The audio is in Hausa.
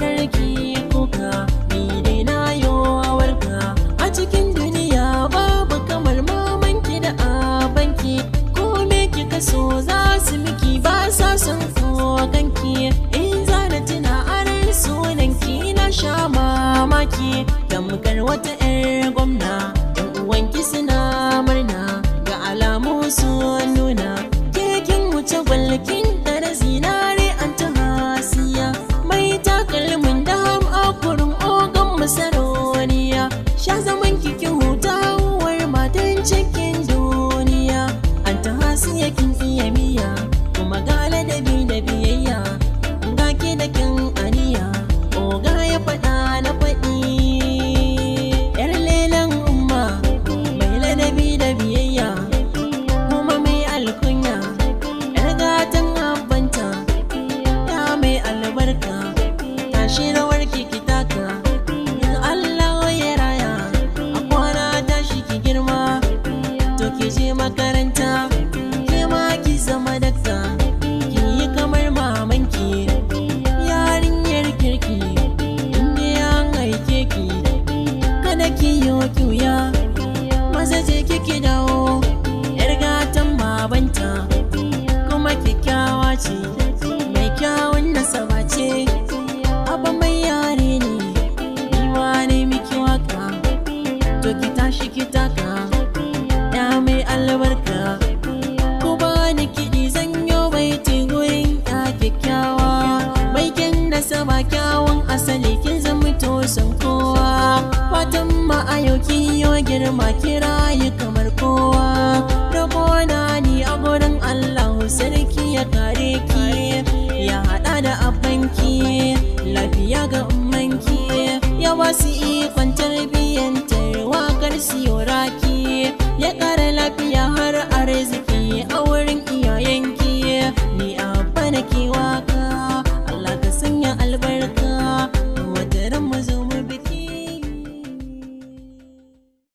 karki kuka ni dai na warka a cikin duniya babu kamar mamanki da abanki ko me kika so za su miki ba sa son kanki in zana na tuna aran sunanki na sha mamaki tamkar wata barka tashi warke kyakkyawan asali kin zama tosan kowa fatan ma'ayo kin yi girma kirayi kamar kowa rabo na ni a gurin Allah sarki ya kare ki ya hada da abanki lafiya ga ummanki ya wasu ikon tarbiyyantar wakar siyoraki